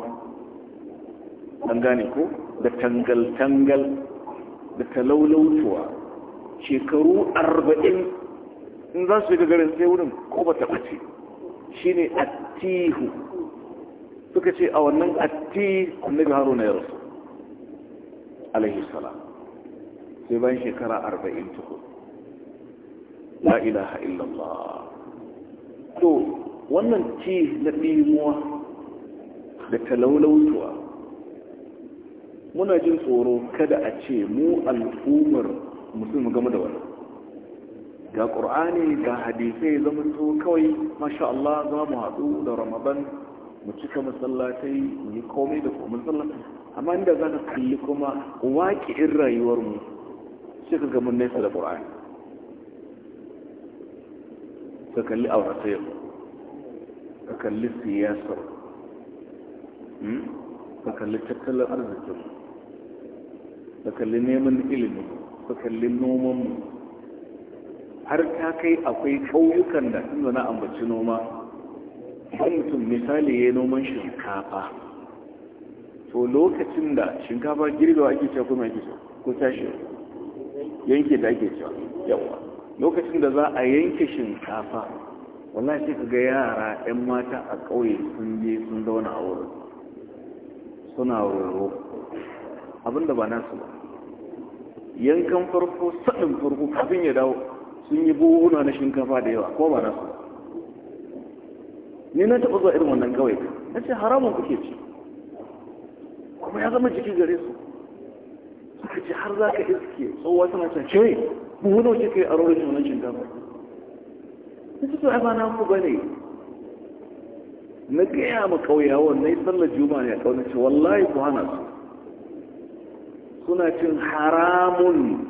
an gane ko da tangal tangal da talaulautuwa shekaru arba'in in za su shiga garin sai wurin ko ba ta ɓace a attihu suka ce a wannan atti annabi haruna ya rasu alaihi salam sai bayan shekara arba'in tukun la ilaha illallah to wannan ci na ɗimuwa da talaulautuwa muna jin tsoro kada a ce mu al'ummar musulmi game da wani ga ƙur'ani ga hadisai zama to kawai masha Allah za mu haɗu da ramadan mu cika masallatai mu yi komai da kuma masallatai amma inda za ka kalli kuma waƙi'in rayuwarmu shi ka gamin nesa da ƙur'ani ka kalli auratayyar ka kalli siyasar hmm? ka kalli tattalin arzikin ka kalli neman ilimi ka kalli nomanmu har ta kai akwai ƙauyukan da tun na ambaci noma ɗan mutum misali ya noman shinkafa to lokacin da shinkafa girbewa ake cewa kuma ake cewa ko tashi yanke da ake cewa yawa lokacin da za a yanke shinkafa wallahi sai kaga yara 'yan mata a ƙauye sun je sun zauna a wurin suna roro abinda ba nasu ba yankan farko saɗin farko kafin ya dawo sun yi buhuna na shinkafa da yawa ko ba nasu ba ni na taɓa zuwa irin wannan kawai. na ce haramun kuke ci kuma ya zama jiki gare su suka ce har za ka iske tsohuwa tana can ce kuma nawa kika yi a rawar shi shinkafa na ce to ba na ku bane na gaya ma kauya na yi sallar juma'a ne a kaunace wallahi ku hana su suna cin haramun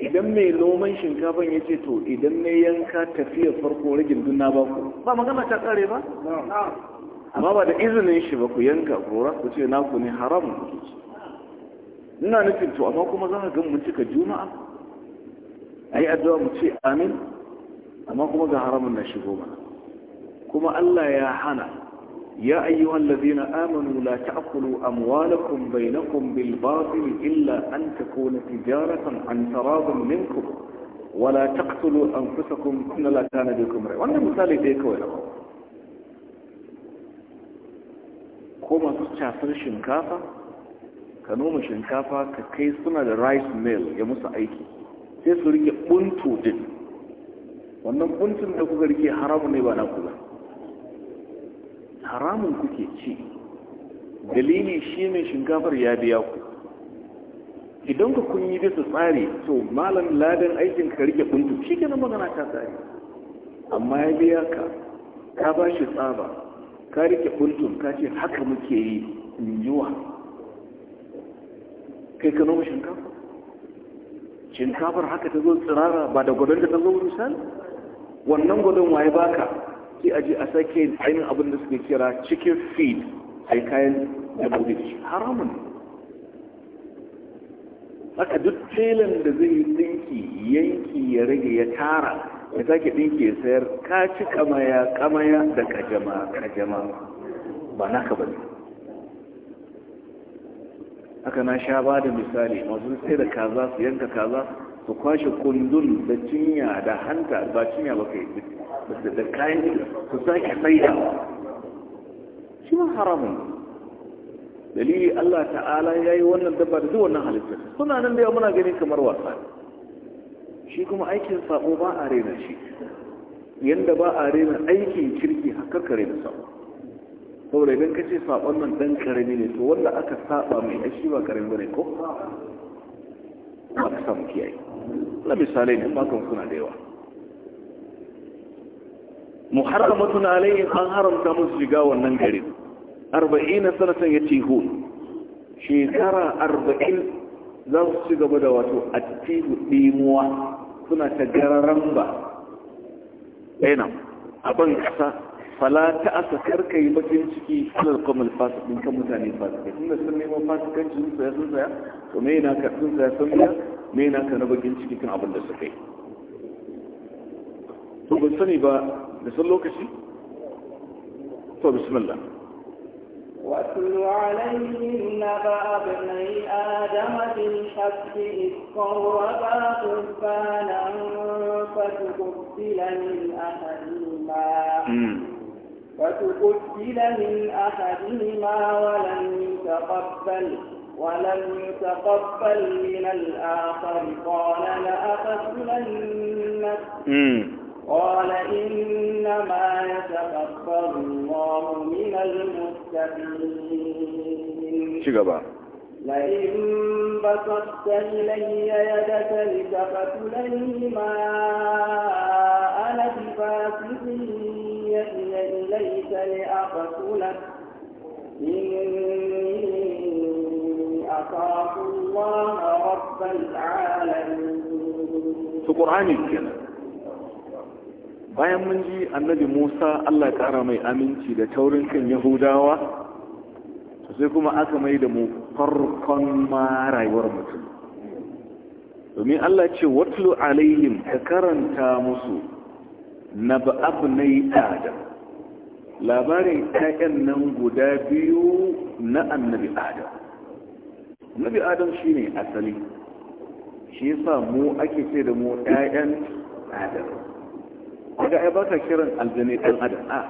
idan mai noman shinkafan ya ce to idan na yanka tafiya farko rigin dunna ba ku ba magana ta kare ba amma ba da izinin shi ba ku yanka kura ku ce naku ne haram ku ina nufin to amma kuma za ka gan mu cika juma'a a yi addu'a mu ce amin amma kuma ga haramun na shigo ba kuma Allah ya hana ya ayyuhan ladina amanu la ta'kulu amwalakum bainakum bil batil illa an takuna tijaratan an taradun minkum wala taqtulu anfusakum inna la kana bikum ra'a wannan misali dai kawai na ko masu casar shinkafa ka noma shinkafa ka kai suna da rice mill ya musu aiki sai su rike buntu din wannan buntun da kuka rike haramun ne ba na kula haramun kuke ci dalili shi mai shinkafar ya biya ku idan ka kun yi bisa tsari to malam ladan aikin ka rike buntu shi kenan magana ta tsari amma ya biya ka ka ba shi tsaba ka rike buntun ka ce haka muke yi in yi wa. kai ka noma shinkafa shinkafar haka ta zo tsirara ba da gwadon da ta zo misali wannan gwadon waye baka sai a je a sake ainihin abin da suke kira chicken feed a kayan dabbobi haramun haka duk telan da zai yi dinki yanki ya rage ya tara ya sake dinki ya sayar ka ci kamaya kamaya da kajama kajama ba naka ba ne haka na sha ba da misali masu sai da kaza su yanka kaza su kwashe kundun da cinya da hanta ba cinya ba kai da kayan su sake saida. shi ma haramun dalili Allah ta'ala ya yi wannan dabba da wannan halittar suna nan da yau muna gani kamar wasa shi kuma aikin sabo ba a rena shi yadda ba a rena aikin kirki haka kare da sabo saboda idan ka ce saɓon nan dan karami ne to wanda aka saba mai ashi ba karami ba ne ko ba ka samu kiyaye na misalai ne makon suna da yawa muharramatun alayhi an haramta musu shiga wannan garin arba'ina sanatan ya ce hun shekara arba'in za su ci gaba da wato a cikin ɗimuwa suna ta gararan ba ɗaina a ban fala ta asa karka yi bakin ciki alal kwamil fasikin kan mutane fasikai sun da sun neman fasikanci sun saya sun saya to me na ka sun saya sun biya me na ka na bakin ciki kan abin da su kai to ban sani ba da san lokaci to bismillah واتل عليهم نبأ ابني آدم بالحق إذ قربا قربانا فتقبل من أحدهما فتقتل من أحدهما ولم يتقبل ولم يتقبل من الآخر قال لأقتلنك قال إنما يتقبل الله من المتقين لئن بسطت إلي يدك لتقتلني ما أنا بباسط ليس لأقتل su أخاف kenan bayan mun ji annabi Musa Allah ƙara mai aminci da taurin kan Yahudawa sai kuma aka mai da mu farkon ma rayuwar mutum domin Allah ce watlu alaihim ka karanta musu na na yi adam labarin ƴaƴan nan guda biyu na annabi adam annabi adam shine asali shi yasa mu ake ce da mu ƴaƴan adam daga ai baka kiran aljani ɗan adam a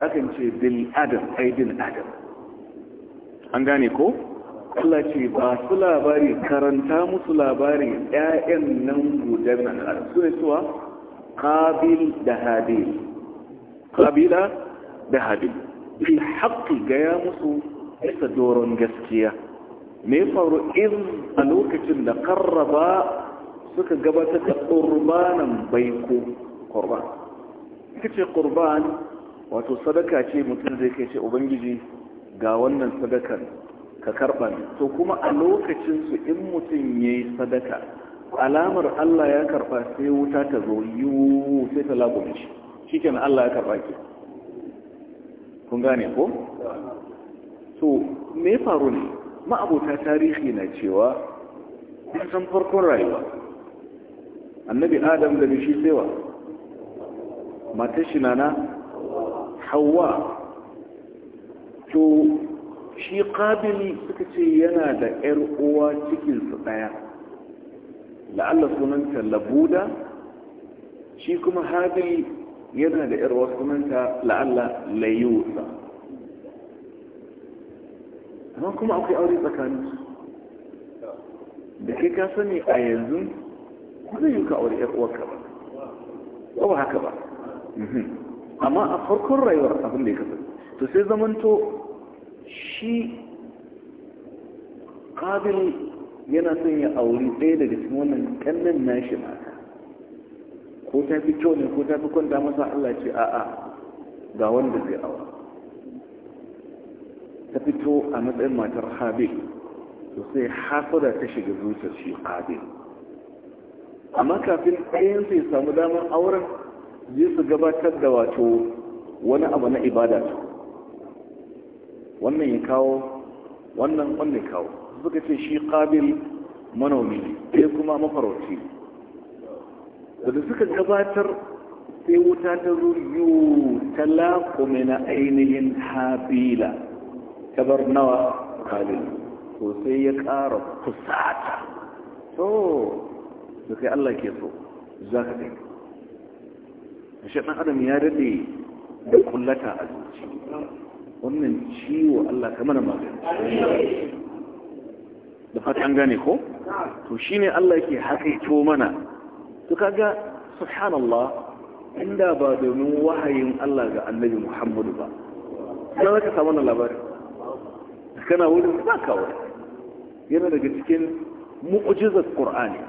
akan ce bil adam ai bil adam an gane ko Allah ce ba su labari karanta musu labari ƴaƴan nan guda na adam su ne suwa qabil da habil ƙabila da habil fi haƙƙi gaya musu isa doron gaskiya me faru in a lokacin da ƙarraba suka gabatar da ƙurbanan baiko ƙurban suka ce ƙurban wato sadaka ce mutum zai kai ce ubangiji ga wannan sadakan ka karɓa to kuma a lokacinsu in mutum ya yi sadaka alamar allah ya karɓa sai wuta ta zo yiwu sai ta lagume shi shikin Allah ya karɓa ki kun gane ko to me faru ne ma'abota tarihi na cewa kun san farkon rayuwa annabi adam da bishi sewa Mata shi na hawa to shi ƙabili suka ce yana da 'yar uwa cikinsu ɗaya la'alla sunanta labuda shi kuma haɗari. yana da yar wasu sunanta la'alla layusa amma kuma akwai aure tsakanin su, da kai ka sani a yanzu kuma zai yi ka aure yar uwarka ba ko ba haka ba mhm. amma a farkon rayuwar abin da ya kasance to sai zamanto shi ƙabil yana son ya auri ɗaya daga cikin wannan kannan nashi mata ko ta fi kyau ne ko ta fi kwanta masa Allah ce a'a ga wanda zai awa ta fito a matsayin matar habil to sai hasada ta shiga zuciyar shi habil amma kafin ɗayan sai samu damar auren zai su gabatar da wato wani abu na ibada wannan ya kawo wannan wannan kawo suka ce shi qabil manomi ne kuma mafarauci wanda suka gabatar sai wuta ta zo yiwu ta laƙume na ainihin habila ta bar nawa kalin to sai ya ƙara kusata to da kai Allah ke so za ka ɗai ashe ɗan adam ya daɗe da kullata a zuci wannan ciwo Allah kamar magana. da fatan gane ko to shine Allah ke haƙaito mana to kaga subhanallah inda ba domin wahayin Allah ga annabi Muhammadu ba don ka samu wannan labari kana wurin ba ka wurin yana daga cikin mu'jizat Qur'ani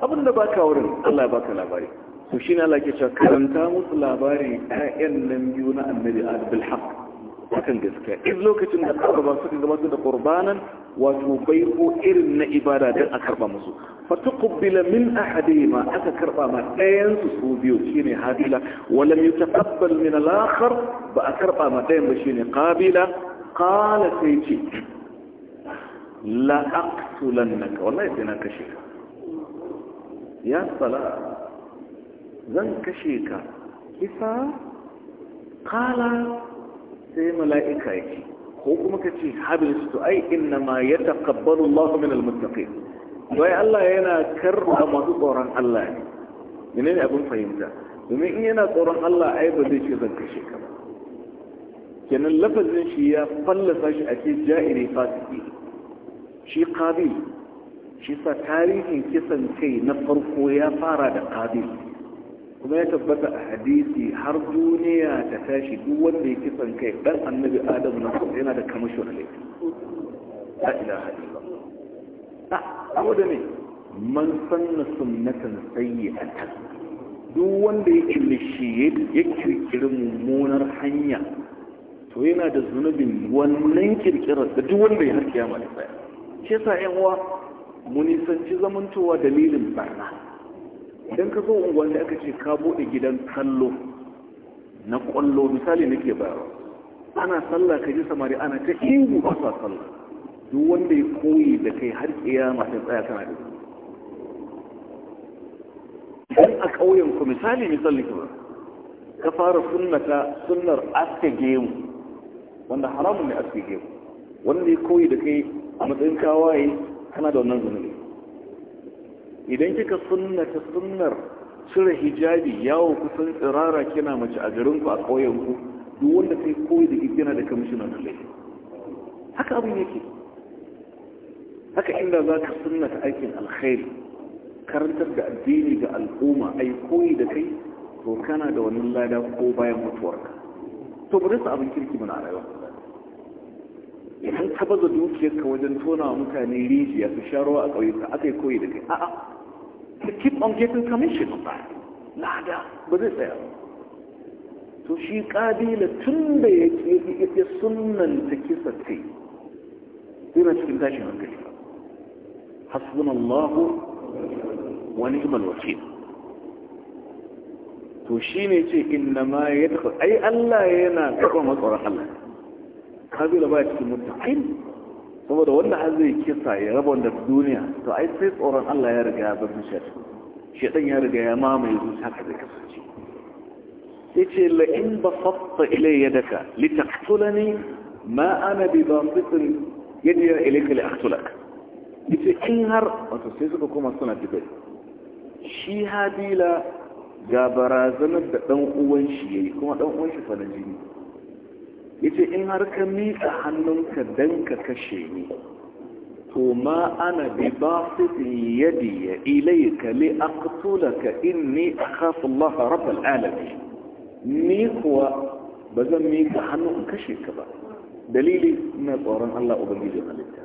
abin da ba ka wurin Allah ya baka labari to shine Allah ke cewa karanta musu labari ayyan nan biyu na annabi Adam bil haqq akan gaskiya in lokacin da aka ba su ga da qurbanan wato bai ko irin na ibada don a karba musu fata kubbila min ahadihima aka karba ma ɗayan su su biyu shine habila walam yutaqabbal min al-akhar ba a karba ma ɗayan ba shine qabila qala sai ce la aqtulannaka wala sai na kashe ka ya sala zan kashe ka kisa qala sai mala'ika yake ko kuma ka ce habis to ai inna ma ya taqabbalu Allah min almuttaqin wai Allah yana karba masu tsoron Allah ne ne abin fahimta domin in yana tsoron Allah ai ba zai ce zan kashe ka ba kenan lafazin shi ya fallasa shi a ce ja'iri fasiki shi qabil shi sa tarihin kisan kai na farko ya fara da qabil kuma ya tabbata a hadisi har duniya ta tashi duk wanda ya kisan kai dan annabi adamu na kuma yana da kamashi wani laifi la ilaha illallah a ah, ko da ne man sanna sunnatan sayyi'atan duk wanda ya killishiye ya kirkiri mummunar hanya to yana da zunubin wannan kirkirar da duk wanda ya har kiyama da tsaya shi yasa yan uwa mu nisanci zamantowa dalilin barna idan ka zo unguwan da aka ce ka buɗe gidan kallo na ƙwallo misali nake bayarwa ana sallah ka ji samari ana ta ihu ba sa sallah duk wanda ya koyi da kai har kiyama masu tsaya kana da idan a ƙauyen ku misali misali kuma ka fara sunnata sunnar aske gemu wanda haramun ne aske gemu wanda ya koyi da kai a matsayin kawaye kana da wannan zunubi idan kika sunnata sunnar cire hijabi yawo kusan tsirara kina mace a garinku a ƙauyenku duk wanda kai koyi da kina da kamishinan da laifi haka abin yake haka inda za ka sunnata aikin alkhairi karantar da addini ga al'umma ai koyi da kai to kana da wani lada ko bayan mutuwarka to bari su abin kirki mana a rayuwa idan ka baza dukiyarka wajen tona mutane rijiya su sha ruwa a ƙauyuka aka yi koyi da kai a'a to keep on getting commission on that lada ba zai tsaya to shi kabila tun da ya ƙi ita ta kisa kai ina cikin tashin hankali hasbun allahu wa ni'mal wakil to shi ne ce inna ma ya tafi ai allah yana karɓar matsarar allah kabila ba cikin mutakin saboda wanda har zai kisa ya raba wanda duniya to ai sai tsoron Allah ya riga ya bar shi shedan ya riga ya mamaye zuciya haka zai kasance yace la in basatta ilayya daka litaqtulani ma ana bi basitin yadi ilayka li aqtulak yace in har wato sai suka koma suna tibai shi hadila ga barazanar da dan uwan shi yayi kuma dan uwan shi fa na jini ita in har ka miƙa hannunka dan ka kashe ni to ma ana bi basitin yadi ilayka li aqtulaka inni akhafu Allah rabbul alamin ni kuwa bazan miƙa hannu in kashe ka ba dalili na tsoron Allah ubangiji halitta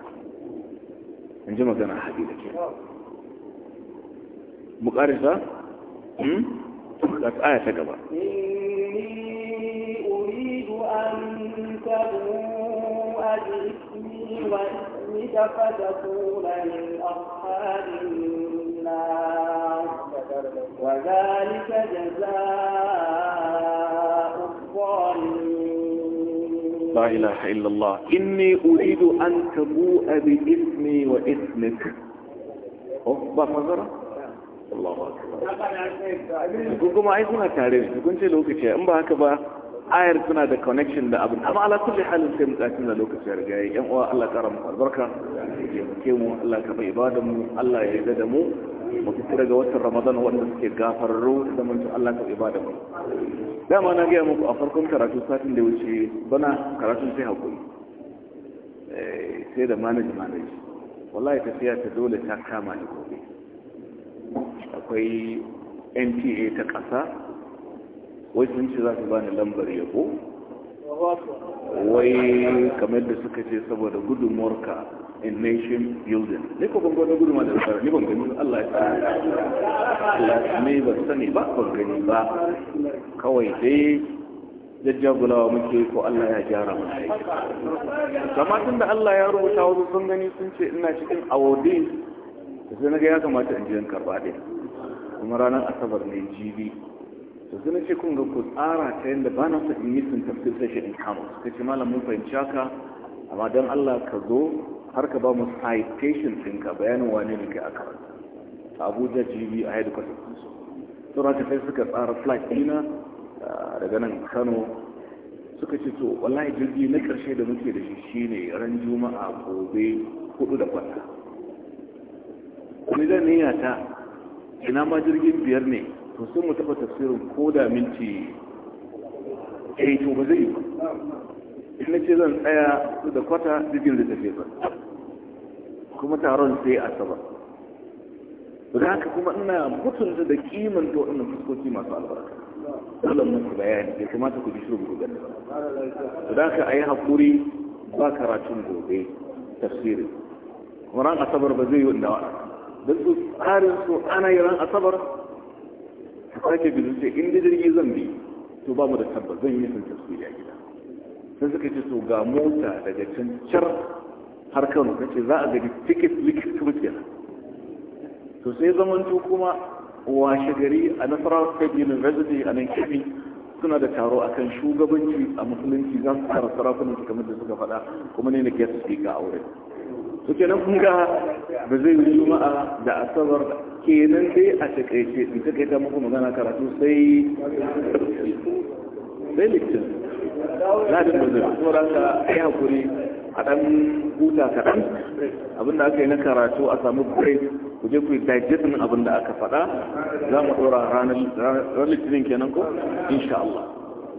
in ji magana hadida ke mu ƙarisa? ƙasa aya ta gaba ابتدوا بإثمي وإسمك فتكون من أصحاب النار وذلك جزاء الظالمين لا إله إلا الله إني أريد أن تبوء باسمي واسمك أخبر نظرة الله أكبر كنتم عايزين أتعلم كنت لو كتير أم بهكذا ayar suna da connection da abin amma ala kulli halin sai mutakin da lokaci ya riga yan uwa Allah kara mu albarka ya muke mu Allah ka bai ibadan mu Allah ya yarda da mu mu fita daga watan Ramadan wanda suke gafararru da mun Allah ka ibada mu ma na ga muku a farkon karatu satin da wuce bana karatu sai hakuri eh, sai da manage manage wallahi tafiya ta dole ta kama ni gobe akwai NTA ta ƙasa wai sun ce za su bani lambar yabo wai kamar da suka ce saboda gudunmuwarka in nation building ne ko ban gwada gudunmuwa da tsara ne ban gani Allah ya tsara Allah ba su sani ba ban gani ba kawai dai jajjagulawa muke ko Allah ya gyara mana aiki kama tun da Allah ya rubuta wasu sun gani sun ce ina cikin da sai na ga ya kamata in ji karba ɗaya kuma ranar asabar ne jibi to na ce kun ga ku tsara ta yadda ba na sa in yi sun tafsir sai in kama suka ce malam mun fahimci haka amma don Allah ka zo har ka ba mu citation ɗinka bayanin wane ne kai a karanta Abuja GB a yadda kwasa su sauran ta suka tsara flight dina daga nan Kano suka ce to wallahi jirgi na karshe da muke da shi shine ran juma'a gobe hudu da kwata. Ni zan niyata ina ma jirgin biyar ne to sai mu taɓa tafsirin ko da minti eh to ba zai yi ba in na ce zan tsaya su da kwata jirgin zai tafi ba kuma taron sai asabar da haka kuma ina mutunta da kiman ta waɗannan fuskoki masu albarka dole muku bayani bai kamata ku ji shiru ku gani ba da haka a yi haƙuri ba karatun gobe tafsirin kuma ran asabar ba zai yi wanda waɗanda don su tsarin su ana yi ran asabar ka sake bizu ce in da jirgi zan bi to ba mu da tabbas zan yi nisan tasiri a gida sai suka ce to ga mota daga can car har kano kace za a gani ticket likit kuma to sai zamanto kuma washe gari a nasarar state university a nan kebbi suna da taro akan shugabanci a musulunci za su tara sarakunan kamar da suka faɗa kuma ne na guest speaker a wurin to kenan kun ga ba zai yi juma'a da asabar kenan dai a takaice in takaita muku magana karatu sai sai littin na da mazin tsoron ka ya hakuri a ɗan huta kaɗan abinda aka yi na karatu a samu break ku je ku yi digestin abinda aka faɗa za mu ɗora ranar litinin kenan ko insha Allah